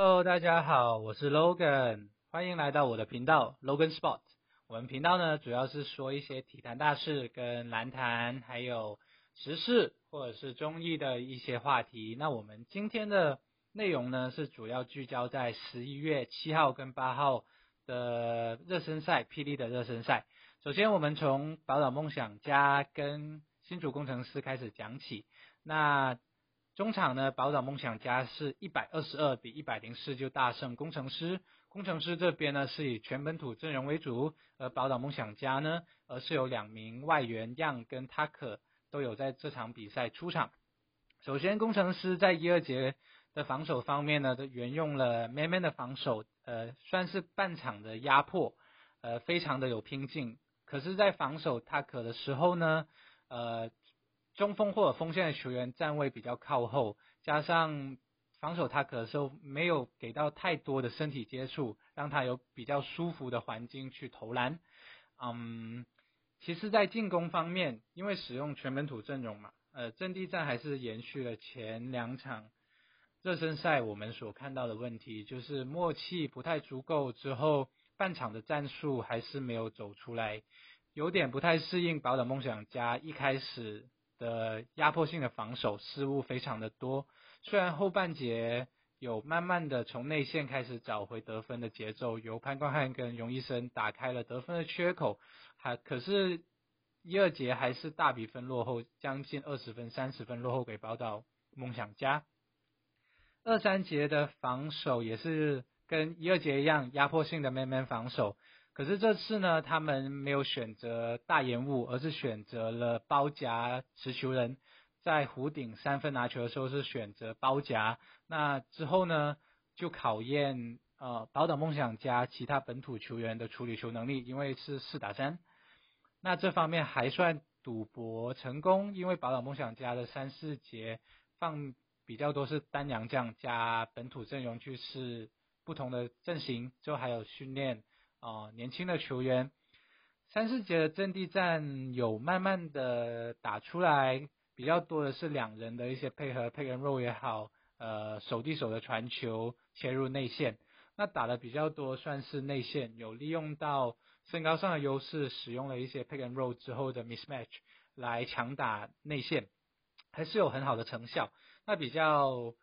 Hello，大家好，我是 Logan，歡迎來到我的頻道 Logan Sport。我們頻道呢，主要是說一些體壇大事，跟籃壇，還有時事或者是綜藝的一些話題。那我們今天的內容呢，是主要聚焦在十一月七號跟八號的熱身賽，P+ 的熱身賽。首先，我們從《寶島夢想家》跟《新竹工程師》開始講起。那中場呢，寶島夢想家是一百二十二比一百零四就大勝工程師。工程師這邊呢是以全本土陣容為主，而寶島夢想家呢而是有兩名外援 g 跟塔 r 都有在這場比賽出場。首先，工程師在一二節的防守方面呢都沿用了 manman 的防守，呃，算是半場的壓迫，呃，非常的有拼勁。可是，在防守塔 r 的時候呢，呃，中鋒或者鋒線的球員站位比較靠後，加上防守他可能時候沒有給到太多的身體接觸，讓他有比較舒服的環境去投籃。嗯，其實，在進攻方面，因為使用全本土陣容嘛，呃，陣地戰還是延續了前兩場熱身賽我們所看到的問題，就是默契不太足夠，之後半場的戰術還是沒有走出來，有點不太適應。寶島夢想家一開始的壓迫性的防守失誤非常的多，雖然後半節有慢慢的從內線開始找回得分的節奏，由潘光漢跟戎易書打開了得分的缺口，還可是，一二節還是大比分落後，將近二十分，三十分落後給寶島夢想家，二三節的防守也是跟一二節一樣，壓迫性的 man man 防守。可是這次呢，他們沒有選擇大延誤，而是選擇了包夾持球人，在弧頂三分拿球的時候是選擇包夾。那之後呢，就考驗呃寶島夢想家其他本土球員的處理球能力，因為是四打三。那這方面還算賭博成功，因為寶島夢想家的三四節放比較多是單洋將加本土陣容去試不同的陣型，之後還有訓練。哦，年輕的球員，三四節的陣地戰有慢慢的打出來，比較多的是兩人的一些配合，pick and roll 也好，呃，手遞手的傳球切入內線，那打的比較多算是內線，有利用到身高上的優勢，使用了一些 pick and roll 之後的 mismatch 來強打內線，還是有很好的成效，那比較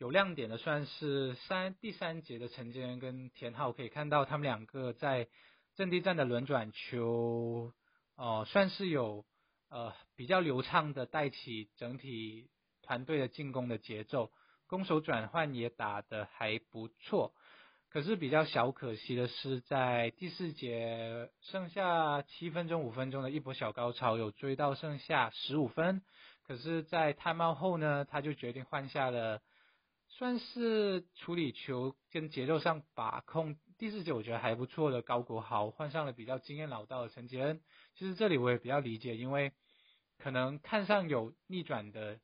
有亮點的算是三第三節的陳堅恩跟田浩，可以看到他們兩個在陣地戰的輪轉球，哦，算是有呃比較流暢的帶起整體團隊的進攻的節奏，攻守轉換也打得還不錯。可是比較小可惜的是，在第四節剩下七分鐘五分鐘的一波小高潮，有追到剩下十五分，可是，在 timeout 後呢，他就決定換下了。算是處理球跟節奏上把控，第四節我覺得還不錯的高國豪換上了比較經驗老道的陳杰恩，其實這裡我也比較理解，因為可能看上有逆轉的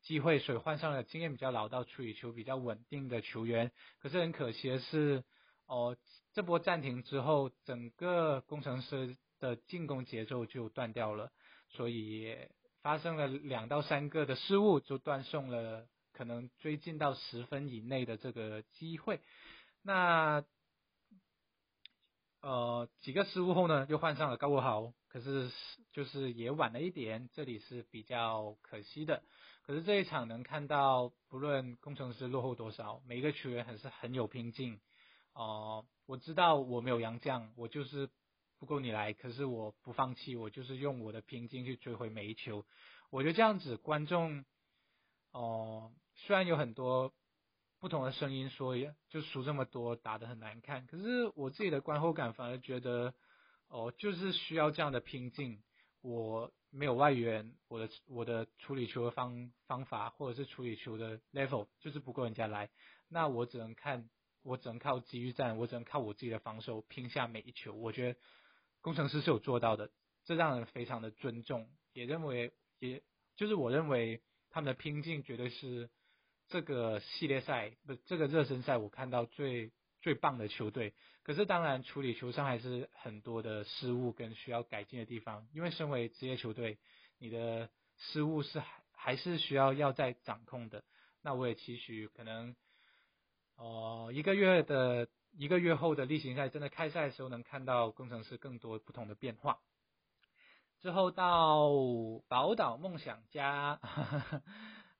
機會，所以換上了經驗比較老道、處理球比較穩定的球員。可是很可惜的是，哦，這波暫停之後，整個攻城獅的進攻節奏就斷掉了，所以也發生了兩到三個的失誤，就斷送了。可能追進到十分以內的這個機會，那，呃，幾個失誤後呢，又換上了高國豪，可是就是也晚了一點，這裡是比較可惜的。可是這一場能看到，不論攻城獅落後多少，每一個球員還是很有拼勁。哦、呃，我知道我沒有洋將，我就是不夠你來，可是我不放棄，我就是用我的拼勁去追回每一球。我覺得這樣子，觀眾哦，呃雖然有很多不同的聲音說，就輸這麼多，打得很難看。可是我自己的觀後感反而覺得，哦，就是需要這樣的拼勁。我沒有外援，我的我的處理球的方方法，或者是處理球的 level，就是不夠人家來。那我只能看，我只能靠機遇戰，我只能靠我自己的防守拼下每一球。我覺得攻城獅是有做到的，這讓人非常的尊重，也認為也就是我認為他們的拼勁絕對是。這個系列賽不，這個熱身賽我看到最最棒的球隊，可是當然處理球上還是很多的失誤跟需要改進的地方，因為身為職業球隊，你的失誤是還是需要要再掌控的。那我也期許可能，哦，一個月的一個月後的例行賽，真的開賽的時候能看到攻城獅更多不同的變化。之後到寶島夢想家。呵呵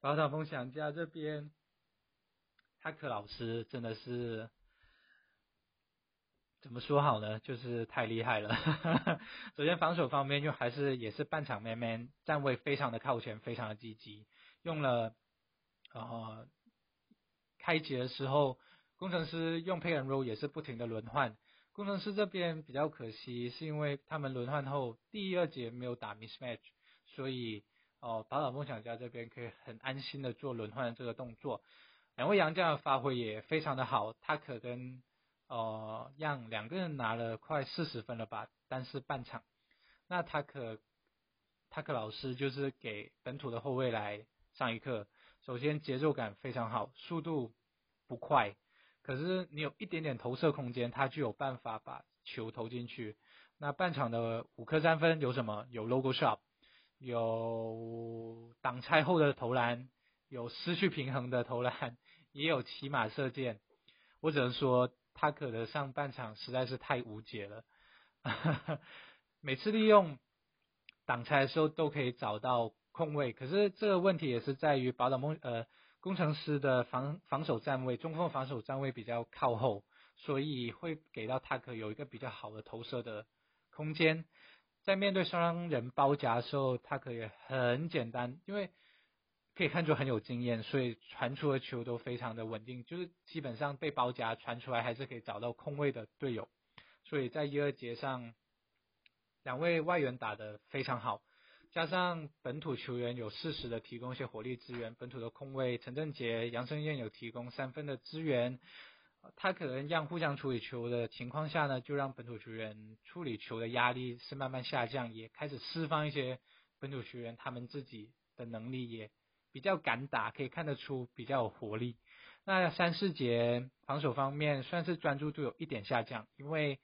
寶島夢想家這邊，哈克老師真的是怎麼說好呢？就是太厲害了。 首先防守方面，又還是也是半場 man man，站位非常的靠前，非常的積極。用了啊、呃，開節的時候，工程師用 pick and roll 也是不停的輪換。工程師這邊比較可惜，是因為他們輪換後，第二節沒有打 Mismatch，所以。哦，寶島夢想家這邊可以很安心的做輪換的這個動作，兩位洋將的發揮也非常的好，塔克跟呃讓兩個人拿了快四十分了吧，單是半場，那塔克塔克老師就是給本土的後衛來上一課，首先節奏感非常好，速度不快，可是你有一點點投射空間，他就有辦法把球投進去，那半場的五顆三分有什麼？有 logo shop。有擋拆後的投籃，有失去平衡的投籃，也有騎馬射箭。我只能說，塔克的上半場實在是太無解了。 每次利用擋拆的時候都可以找到空位，可是這個問題也是在於寶島夢呃工程師的防防守站位，中鋒防守站位比較靠後，所以會給到塔克有一個比較好的投射的空間。在面對雙人包夾的時候，他可以很簡單，因為可以看出很有經驗，所以傳出的球都非常的穩定，就是基本上被包夾傳出來還是可以找到空位的隊友。所以在一二節上，兩位外援打得非常好，加上本土球員有適時的提供一些火力支援，本土的控衛陳振杰、楊升燕有提供三分的支援。他可能這樣互相處理球的情況下呢，就讓本土球員處理球的壓力是慢慢下降，也開始釋放一些本土球員他們自己的能力，也比較敢打，可以看得出比較有活力。那三四節防守方面算是專注度有一點下降，因為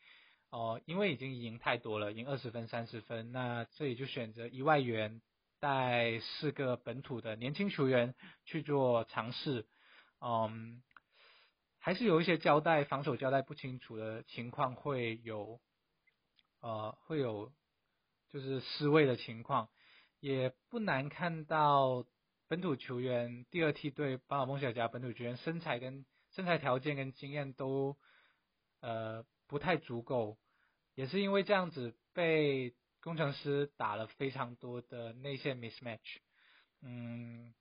哦、呃，因為已經贏太多了，贏二十分、三十分，那這裡就選擇一外援帶四個本土的年輕球員去做嘗試，嗯。還是有一些交代防守交代不清楚的情況，會有，呃，會有就是失位的情況，也不難看到本土球員第二梯隊，巴爾夢想家本土球員身材跟身材條件跟經驗都呃不太足夠，也是因為這樣子被工程師打了非常多的內線 mismatch，嗯。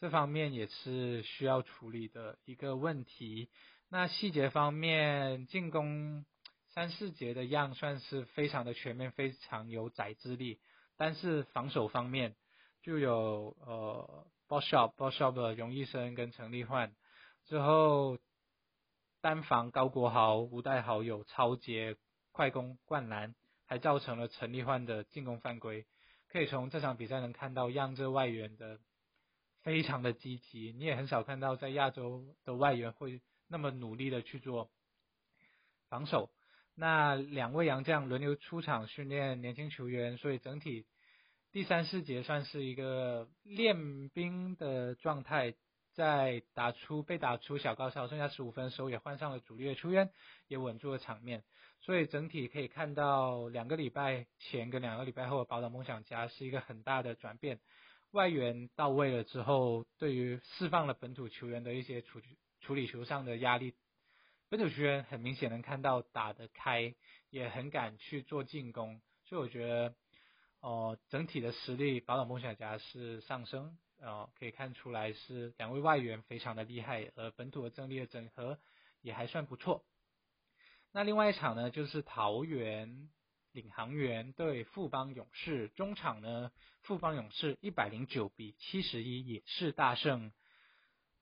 這方面也是需要處理的一個問題。那細節方面，進攻三四節的楊算是非常的全面，非常有宰制力。但是防守方面，就有呃 Boss Shop Boss Shop 的榮毅生跟陳立煥，之後單防高國豪，吳岱豪有抄截快攻灌籃，還造成了陳立煥的進攻犯規。可以從這場比賽能看到楊這外援的。非常的積極，你也很少看到在亞洲的外援會那麼努力的去做防守。那兩位洋將輪流出場訓練年輕球員，所以整體第三四節算是一個練兵的狀態，在打出被打出小高潮，剩下十五分的時候也換上了主力的球員，也穩住了場面。所以整體可以看到，兩個禮拜前跟兩個禮拜後的寶島夢想家是一個很大的轉變。外援到位了之後，對於釋放了本土球員的一些處處理球上的壓力，本土球員很明顯能看到打得開，也很敢去做進攻，所以我覺得，哦、呃，整體的實力寶島夢想家是上升，呃，可以看出來是兩位外援非常的厲害，而本土的政力的整合也還算不錯。那另外一場呢，就是桃園。領航員對富邦勇士，中場呢，富邦勇士一百零九比七十一也是大勝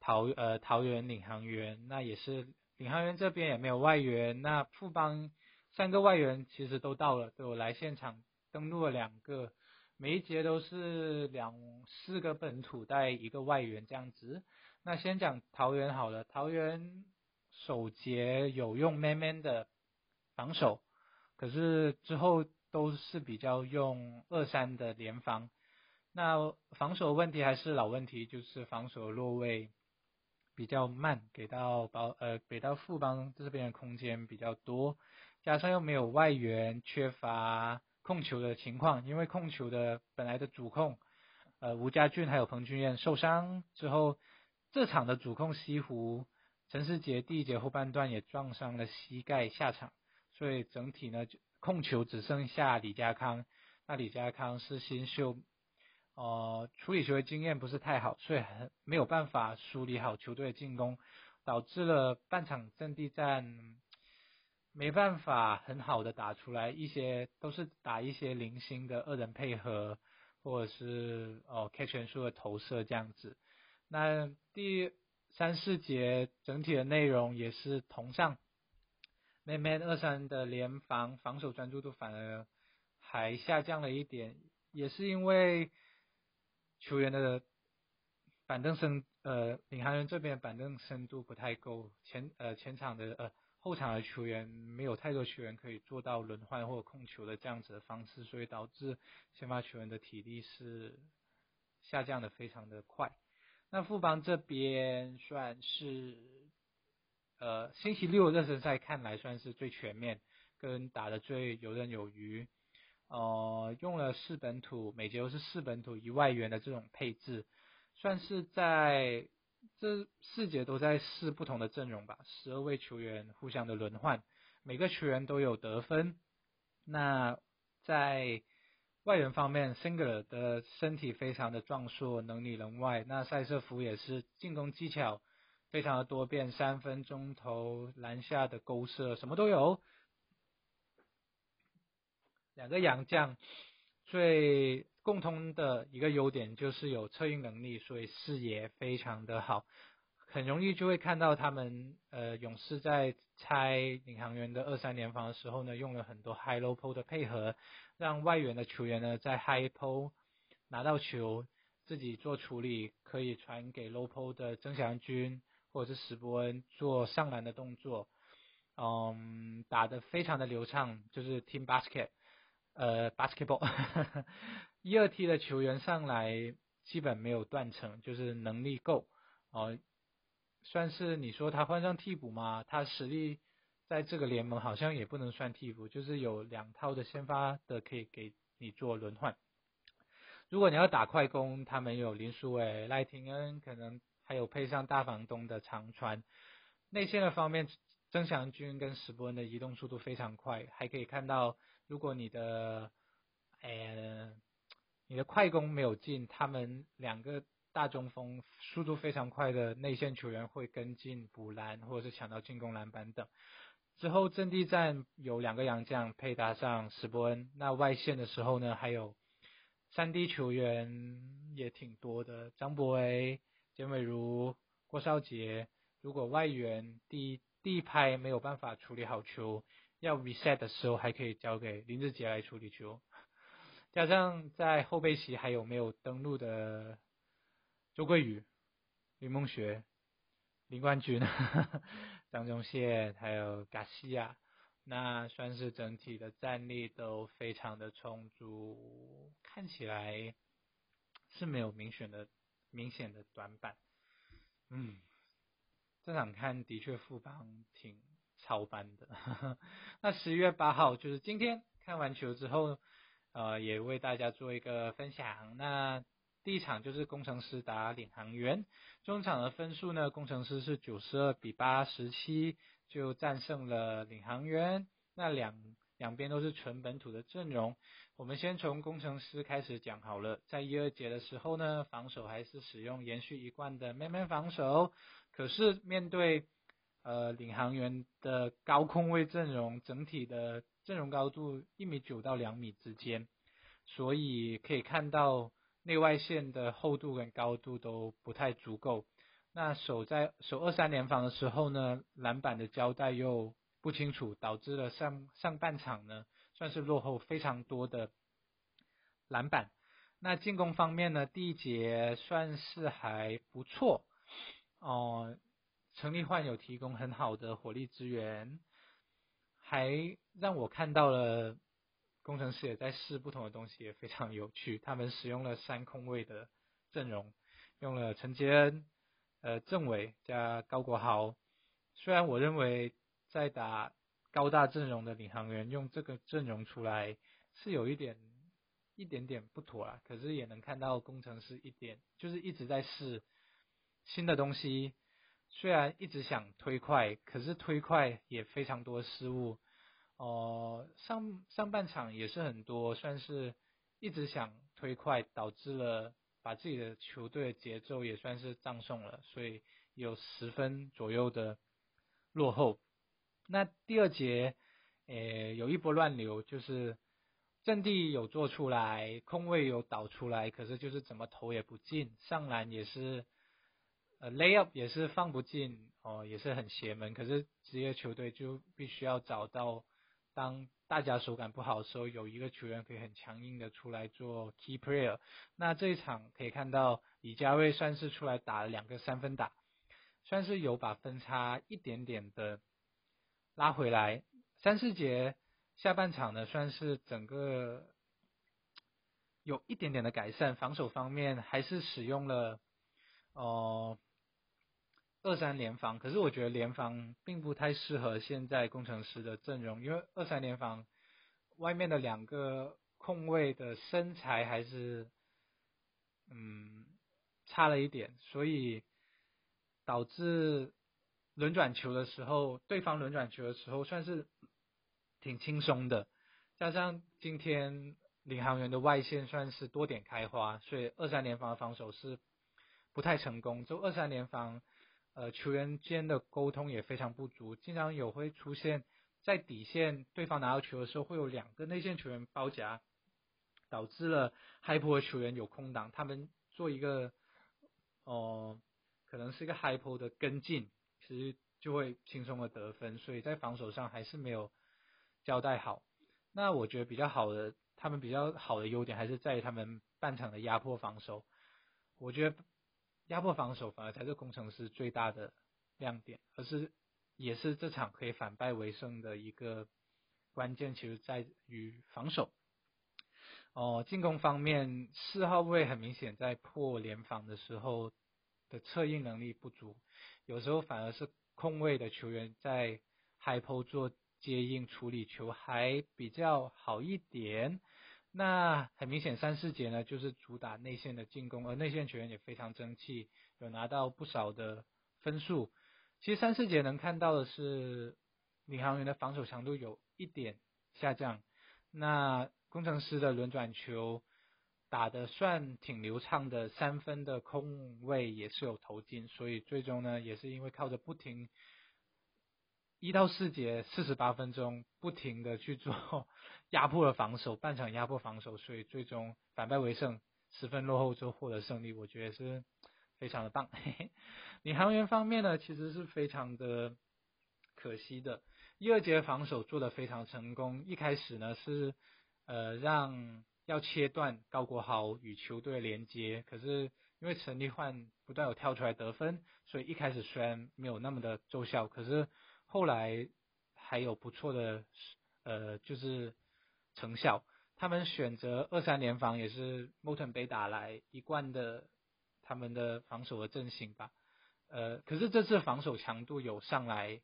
桃呃桃園領航員，那也是領航員這邊也沒有外援，那富邦三個外援其實都到了，都有來現場登錄了兩個，每一節都是兩四個本土帶一個外援這樣子。那先講桃園好了，桃園首節有用 man man 的防守。可是之後都是比較用二三的聯防，那防守問題還是老問題，就是防守落位比較慢，給到保呃給到富邦這邊的空間比較多，加上又沒有外援，缺乏控球的情況，因為控球的本來的主控呃吳家俊還有彭俊彥受傷之後，這場的主控西湖陳思杰第一節後半段也撞傷了膝蓋下場。所以整體呢，控球只剩下李佳康，那李佳康是新秀，呃，處理球的經驗不是太好，所以很沒有辦法梳理好球隊的進攻，導致了半場陣地戰沒辦法很好的打出來，一些都是打一些零星的二人配合，或者是哦、呃、catch and shoot 的投射這樣子。那第三四節整體的內容也是同上。曼曼二三的聯防防守專注度反而還下降了一點，也是因為球員的板凳深，呃，領航猿這邊板凳深度不太夠，前呃前場的呃後場的球員沒有太多球員可以做到輪換或控球的這樣子的方式，所以導致先發球員的體力是下降的非常的快。那富邦這邊算是。呃，星期六熱身賽看來算是最全面，跟打得最游刃有餘。呃，用了四本土，每節都是四本土一外援，的這種配置，算是在這四節都在試不同的陣容吧。十二位球員互相的輪換，每個球員都有得分。那在外援方面，Singer 的身體非常的壯碩，能裡能外。那塞瑟夫也是進攻技巧。非常的多變，三分中投，籃下的勾射什麼都有。兩個洋將最共通的一個優點就是有策應能力，所以視野非常的好，很容易就會看到他們，呃，勇士在拆領航猿的二三聯防的時候呢，用了很多 high low pole 的配合，讓外援的球員呢在 high pole 拿到球，自己做處理，可以傳給 low pole 的曾祥鈞。或者是史伯恩做上籃的動作，嗯，打得非常的流暢，就是 team basket，呃，basketball， 一、二梯的球員上來基本沒有斷層，就是能力夠，哦，算是你說他換上替補嗎？他實力在這個聯盟好像也不能算替補，就是有兩套的先發的可以給你做輪換。如果你要打快攻，他們有林書緯、賴廷恩，可能。還有配上大房東的長傳，內線的方面，曾祥軍跟史伯恩的移動速度非常快，還可以看到，如果你的，呃、哎，你的快攻沒有進，他們兩個大中鋒速度非常快的內線球員會跟進補籃，或者是搶到進攻籃板等。之後陣地戰有兩個洋將配搭上史伯恩，那外線的時候呢，還有三 D 球員也挺多的，張博威。簡偉如、郭少杰，如果外援第一第一拍沒有辦法處理好球，要 reset 的時候還可以交給林志杰來處理球。加上在後備席還有沒有登錄的周桂宇、林夢雪、林冠軍、張宗憲還有加西亞，那算是整體的戰力都非常的充足，看起來是沒有明顯的。明顯的短板，嗯，這場看的確富邦挺超班的。 那十一月八號就是今天看完球之後，呃，也為大家做一個分享。那第一場就是工程師打領航員，中場的分數呢，工程師是九十二比八十七就戰勝了領航員。那兩兩邊都是純本土的陣容。我們先從工程師開始講好了，在一二節的時候呢，防守還是使用延續一貫的 man-man 防守。可是面對呃、領航員的高空位陣容，整體的陣容高度一米九到兩米之間，所以可以看到內外線的厚度跟高度都不太足夠。那守、在守二三聯防的時候呢，籃板的交代又不清楚，導致了上上半場呢。算是落後非常多的籃板。那進攻方面呢？第一節算是還不錯哦。陳、呃、立煥有提供很好的火力支援，還讓我看到了工程師也在試不同的東西，也非常有趣。他們使用了三空位的陣容，用了陳杰恩、呃鄭偉加高國豪。雖然我認為在打。高大陣容的領航員用這個陣容出來是有一點，一點點不妥啊，可是也能看到工程師一點，就是一直在試新的東西，雖然一直想推快，可是推快也非常多失誤。哦、呃，上上半場也是很多，算是一直想推快，導致了把自己的球隊的節奏也算是葬送了，所以有十分左右的落後。那第二節，呃、哎，有一波亂流，就是陣地有做出來，空位有導出來，可是就是怎麼投也不進，上籃也是，呃，lay up 也是放不進，哦，也是很邪門。可是職業球隊就必須要找到，當大家手感不好的時候，有一個球員可以很強硬的出來做 key player。那這一場可以看到李家瑞算是出來打了兩個三分打，算是有把分差一點點的。拉回來。三四節下半場呢，算是整個有一點點的改善，防守方面還是使用了哦、呃、二三聯防，可是我覺得聯防並不太適合現在攻城獅的陣容，因為二三聯防外面的兩個控衛的身材還是嗯差了一點，所以導致。輪轉球的時候，對方輪轉球的時候算是挺輕鬆的。加上今天領航員的外線算是多點開花，所以二三聯防的防守是不太成功。就二三聯防，呃，球員間的溝通也非常不足，經常有會出現在底線對方拿到球的時候，會有兩個內線球員包夾，導致了 high post 球員有空檔，他們做一個哦、呃，可能是一個 high post 的跟進。其實就會輕鬆的得分，所以在防守上還是沒有交代好。那我覺得比較好的，他們比較好的優點還是在於他們半場的壓迫防守。我覺得壓迫防守反而才是攻城獅最大的亮點，而是也是這場可以反敗為勝的一個關鍵，其實在於防守。哦，進攻方面，四號位很明顯在破聯防的時候。的策應能力不足，有時候反而是空位的球員在 high post 做接應處理球還比較好一點。那很明顯，三四節呢就是主打內線的進攻，而內線球員也非常爭氣，有拿到不少的分數。其實三四節能看到的是，領航員的防守強度有一點下降，那工程師的輪轉球。打得算挺流暢的，三分的空位也是有投進，所以最終呢也是因為靠着不停一到四節四十八分鐘不停的去做壓迫的防守，半場壓迫防守，所以最終反敗為勝，十分落後之後獲得勝利，我覺得是非常的棒。領 航猿方面呢，其實是非常的可惜的，第二節防守做得非常成功，一開始呢是呃讓。要切斷高國豪與球隊連接，可是因為陳立煥不斷有跳出來得分，所以一開始雖然沒有那麼的奏效，可是後來還有不錯的呃就是成效。他們選擇二三聯防也是 Moten 被打來一貫的他們的防守的陣型吧，呃，可是這次防守強度有上來，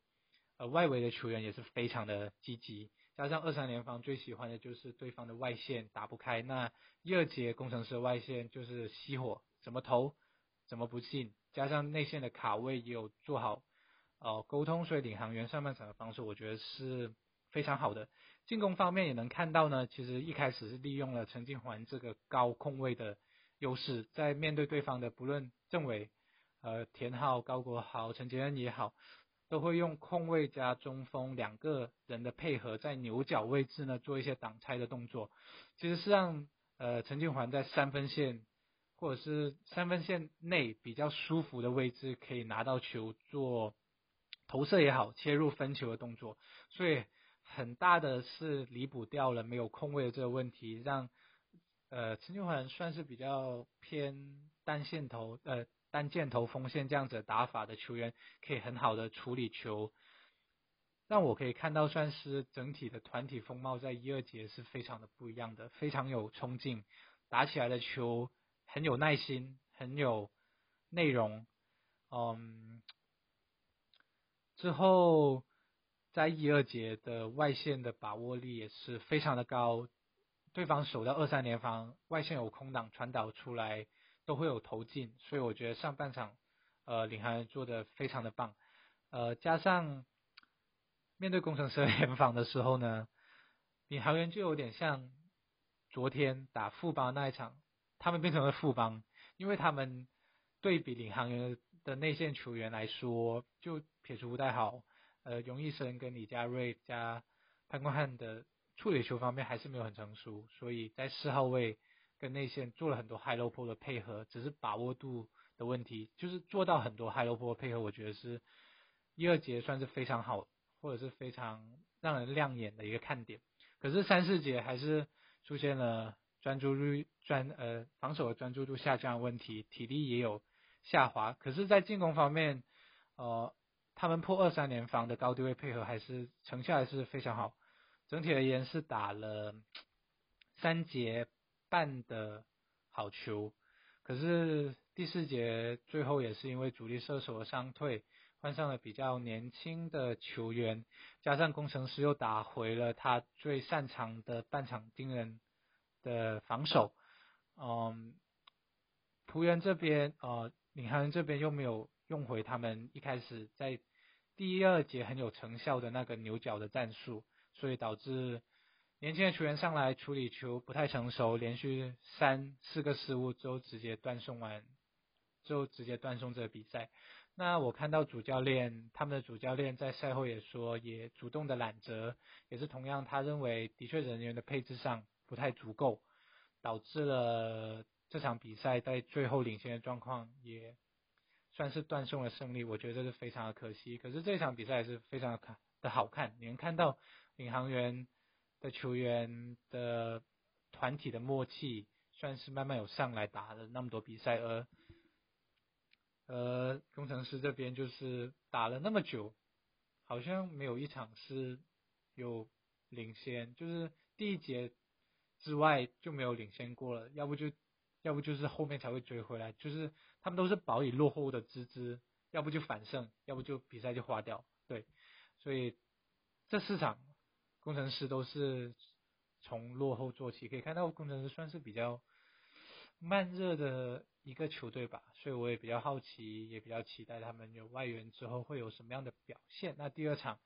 呃，外圍的球員也是非常的積極。加上二三聯防最喜歡的就是對方的外線打不開，那第二節攻城獅的外線就是熄火，怎麼投，怎麼不進，加上內線的卡位也有做好，呃溝通，所以領航猿上半場的防守我覺得是非常好的。進攻方面也能看到呢，其實一開始是利用了陳靖寰這個高控位的優勢，在面對對方的不論鄭偉、呃田浩、高國豪、陳杰恩也好。都會用控衛加中鋒兩個人的配合，在牛角位置呢做一些擋拆的動作，其實是讓呃陳俊寰在三分線或者是三分線內比較舒服的位置，可以拿到球做投射也好，切入分球的動作，所以很大的是彌補掉了沒有控衛的這個問題，讓呃陳俊寰算是比較偏單線投呃。單箭頭鋒線這樣子打法的球員，可以很好的處理球，讓我可以看到算是整體的團體風貌在一二節是非常的不一樣的，非常有衝勁，打起來的球很有耐心，很有內容，嗯，之後在一二節的外線的把握力也是非常的高，對方守到二三聯防，外線有空檔傳導出來。都會有投進，所以我覺得上半場，呃，領航員做得非常的棒，呃，加上面對工程師聯防的時候呢，領航員就有點像昨天打富邦那一場，他們變成了富邦，因為他們對比領航員的內線球員來說，就撇除吳岱豪，呃，榮毅生跟李佳瑞加潘光漢的處理球方面還是沒有很成熟，所以在四號位。跟內線做了很多 high low post 的配合，只是把握度的問題，就是做到很多 high low post 的配合，我覺得是一二節算是非常好，或者是非常讓人亮眼的一個看點。可是三四節還是出現了專注率專呃防守的專注度下降的問題，體力也有下滑。可是，在進攻方面，呃，他們破二三聯防的高低位配合還是成效還是非常好。整體而言是打了三節半的好球，可是第四節最後也是因為主力射手的傷退，換上了比較年輕的球員，加上工程師又打回了他最擅長的半場盯人的防守，嗯，璞園這邊呃領航猿這邊又沒有用回他們一開始在第二節很有成效的那個牛角的戰術，所以導致。年輕的球員上來處理球不太成熟，連續三四個失誤之後直接斷送完，就直接斷送這個比賽。那我看到主教練，他們的主教練在賽後也說，也主動的攬責，也是同樣，他認為的確人員的配置上不太足夠，導致了這場比賽在最後領先的狀況也算是斷送了勝利。我覺得這是非常的可惜。可是這場比賽也是非常的看的好看，你能看到領航員的球員的團體的默契算是慢慢有上來，打了那麼多比賽，而呃攻城獅這邊就是打了那麼久，好像沒有一場是有領先，就是第一節之外就沒有領先過了，要不就要不就是後面才會追回來，就是他們都是保以落後的資質，要不就反勝，要不就比賽就花掉，對，所以這四場。攻城獅都是從落後做起，可以看到攻城獅算是比較慢熱的一個球隊吧，所以我也比較好奇，也比較期待他們有外援之後會有什麼樣的表現。那第二場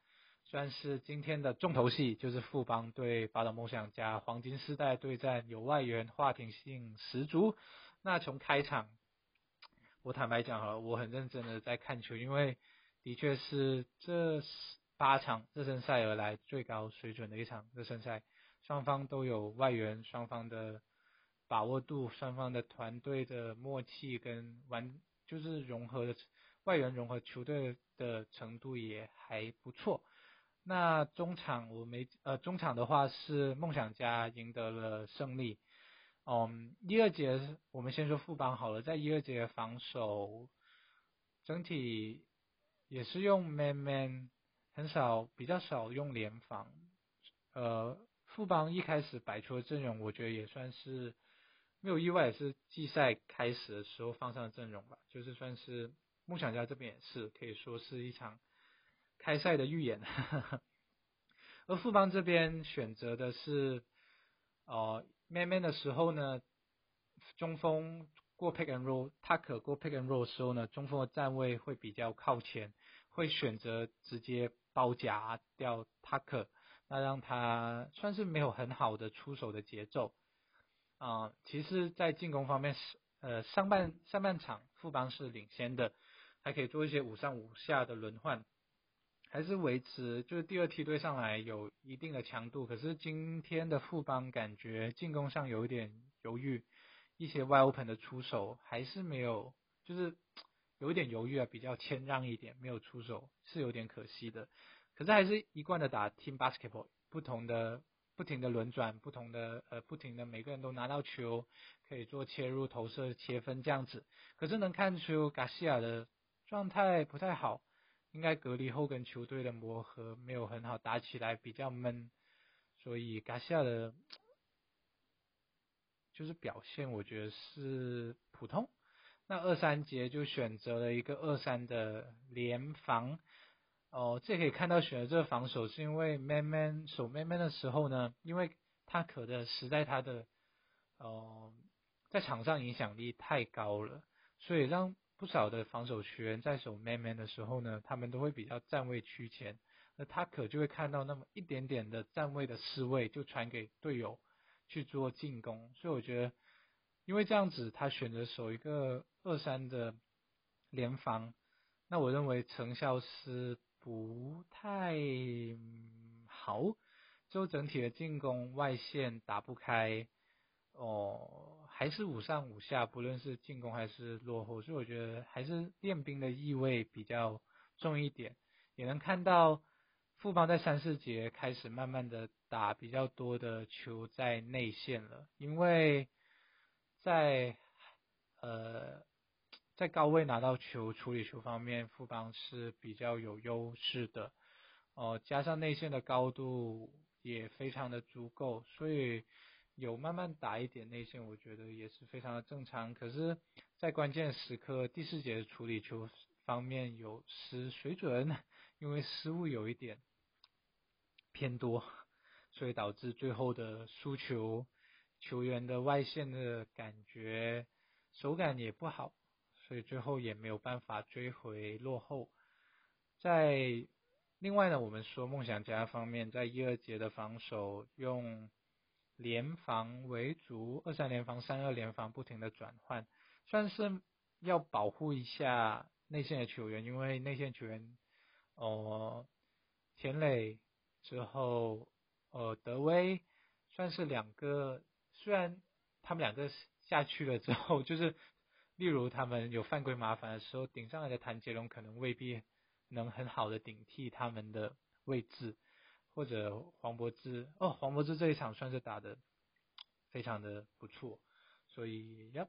算是今天的重頭戲，就是富邦對寶島夢想家黃金世代對戰，有外援話題性十足。那從開場，我坦白講哈，我很認真的在看球，因為的確是這是。八場熱身賽而來最高水準的一場熱身賽，雙方都有外援，雙方的把握度，雙方的團隊的默契跟完就是融合的外援融合球隊的程度也還不錯。那中場我沒呃，中場的話是夢想家贏得了勝利。嗯，一二節我們先說富邦好了，在一二節防守整體也是用 man man。很少比較少用聯防，呃，富邦一開始擺出的陣容，我覺得也算是沒有意外，也是季賽開始的時候放上的陣容吧，就是算是夢想家這邊也是，可以說是一場開賽的預演。 而富邦這邊選擇的是，呃 man man 的時候呢，中鋒過 pick and roll，他可過 pick and roll 的時候呢，中鋒的站位會比較靠前。會選擇直接包夾掉塔克，那讓他算是沒有很好的出手的節奏。啊、呃，其實，在進攻方面是呃上半上半場富邦是領先的，還可以做一些五上五下的輪換，還是維持就是第二梯隊上來有一定的強度。可是今天的富邦感覺進攻上有一點猶豫，一些外 open 的出手還是沒有，就是。有點猶豫啊，比較謙讓一點，沒有出手是有點可惜的。可是還是一貫的打 team basketball，不同的、不停的輪轉，不同的呃、不停的，每個人都拿到球，可以做切入、投射、切分這樣子。可是能看出 Garcia 的狀態不太好，應該隔離後跟球隊的磨合沒有很好，打起來比較悶。所以 Garcia 的就是表現，我覺得是普通。那二三節就選擇了一個二三的聯防，哦，這可以看到選擇這個防守是因為 man man 守 man man 的時候呢，因為他可的實在他的哦在場上影響力太高了，所以讓不少的防守球員在守 man man 的時候呢，他們都會比較站位趨前，而他可就會看到那麼一點點的站位的思維就傳給隊友去做進攻，所以我覺得因為這樣子他選擇守一個。二三的聯防，那我認為成效是不太好，就整體的進攻外線打不開，哦，還是五上五下，不論是進攻還是落後，所以我覺得還是練兵的意味比較重一點，也能看到富邦在三四節開始慢慢的打比較多的球在內線了，因為在呃。在高位拿到球、處理球方面，富邦是比較有優勢的。哦、呃，加上內線的高度也非常的足夠，所以有慢慢打一點內線，我覺得也是非常的正常。可是，在關鍵時刻第四節處理球方面有失水準，因為失誤有一點偏多，所以導致最後的輸球。球員的外線的感覺手感也不好。所以最後也沒有辦法追回落後。在另外呢，我們說夢想家方面，在一二節的防守用聯防為主，二三聯防、三二聯防不停的轉換，算是要保護一下內線的球員，因為內線球員哦、呃，田壘之後呃，德威算是兩個，雖然他們兩個下去了之後就是。例如他們有犯規麻煩的時候，頂上來的譚傑龍可能未必能很好的頂替他們的位置，或者黃柏志，哦，黃柏志這一場算是打的非常的不錯，所以呀，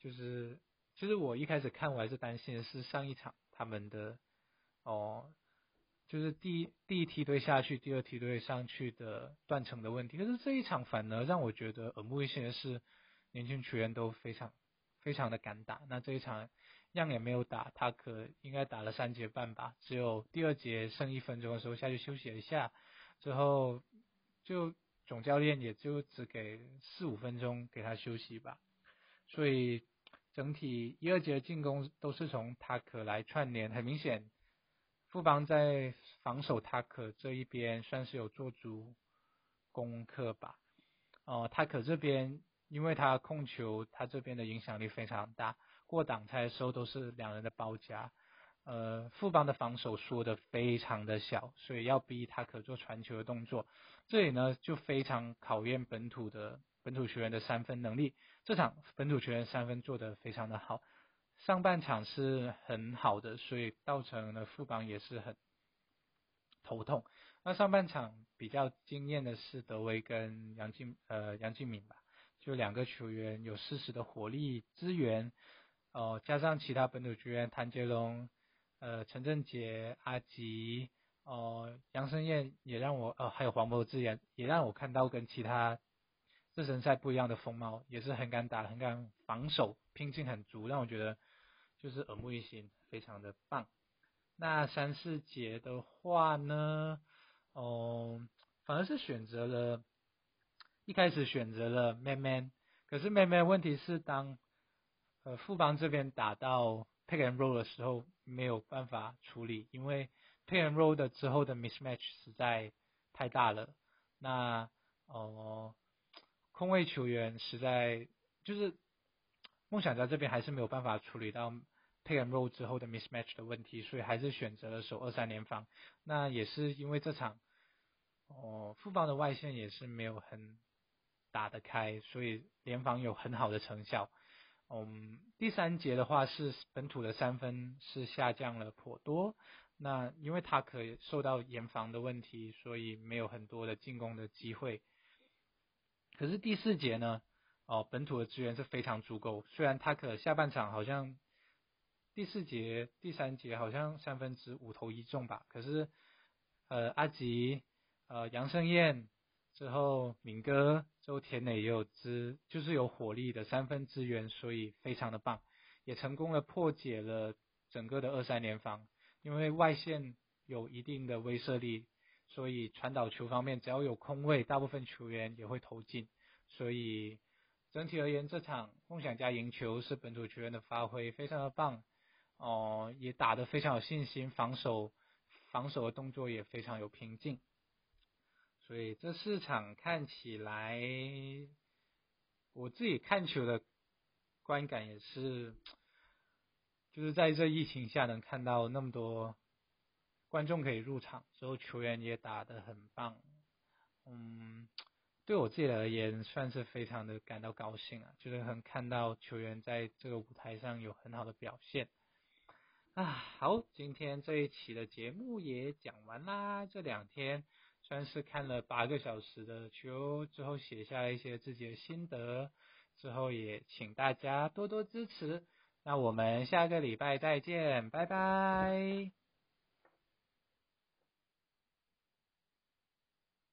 就是其實、就是、我一開始看我還是擔心的是上一場他們的哦，就是第一第一梯隊下去，第二梯隊上去的斷層的問題，但是這一場反而讓我覺得耳、呃、目一新的是年輕球員都非常。非常的敢打，那這一場樣也沒有打，塔克應該打了三節半吧，只有第二節剩一分鐘的時候下去休息一下，之後就總教練也就只給四五分鐘給他休息吧，所以整體一二節的進攻都是從塔克來串聯，很明顯，富邦在防守塔克這一邊算是有做足功課吧，哦、呃，塔克這邊。因為他控球，他這邊的影響力非常大。過擋拆的時候都是兩人的包夾，呃，富邦的防守縮的非常的小，所以要逼他可做傳球的動作。這裡呢就非常考驗本土的本土球員的三分能力。這場本土球員三分做的非常的好，上半場是很好的，所以造成了富邦也是很頭痛。那上半場比較驚艷的是德威跟楊敬呃楊敬敏吧。就兩個球員有適時的火力支援，哦、呃，加上其他本土球員譚杰龍、呃陳振杰、阿吉、哦、呃、楊盛硯也讓我，哦、呃、還有黃博志也也讓我看到跟其他熱身賽不一樣的風貌，也是很敢打、很敢防守、拼勁很足，讓我覺得就是耳目一新，非常的棒。那三四節的話呢，哦、呃、反而是選擇了。一開始選擇了 man man。可是 man man 問題是當呃富邦這邊打到 pick and roll 的時候沒有辦法處理，因為 pick and roll 的之後的 mismatch 實在太大了。那哦、呃，空位球員實在就是夢想家這邊還是沒有辦法處理到 pick and roll 之後的 mismatch 的問題，所以還是選擇了守二三聯防。那也是因為這場哦、呃，富邦的外線也是沒有很打得開，所以聯防有很好的成效。嗯，第三節的話是本土的三分是下降了頗多，那因為他可受到嚴防的問題，所以沒有很多的進攻的機會。可是第四節呢？哦，本土的資源是非常足夠，雖然他可下半場好像第四節、第三節好像三分之五投一中吧，可是呃阿吉、呃楊盛燕。之後，敏哥、周田磊也有支，就是有火力的三分支援，所以非常的棒，也成功的破解了整個的二三聯防，因為外線有一定的威懾力，所以傳導球方面只要有空位，大部分球員也會投進，所以整體而言，這場夢想家贏球是本土球員的發揮非常的棒，哦、呃，也打得非常有信心，防守防守的動作也非常有拼勁。所以這市場看起來，我自己看球的觀感也是，就是在這疫情下能看到那麼多觀眾可以入場，之後球員也打得很棒，嗯，對我自己而言算是非常的感到高興啊，就是能看到球員在這個舞台上有很好的表現。啊，好，今天這一期的節目也講完啦，這兩天。算是看了八個小時的球之後，寫下了一些自己的心得，之後也請大家多多支持。那我們下個禮拜再見，拜拜。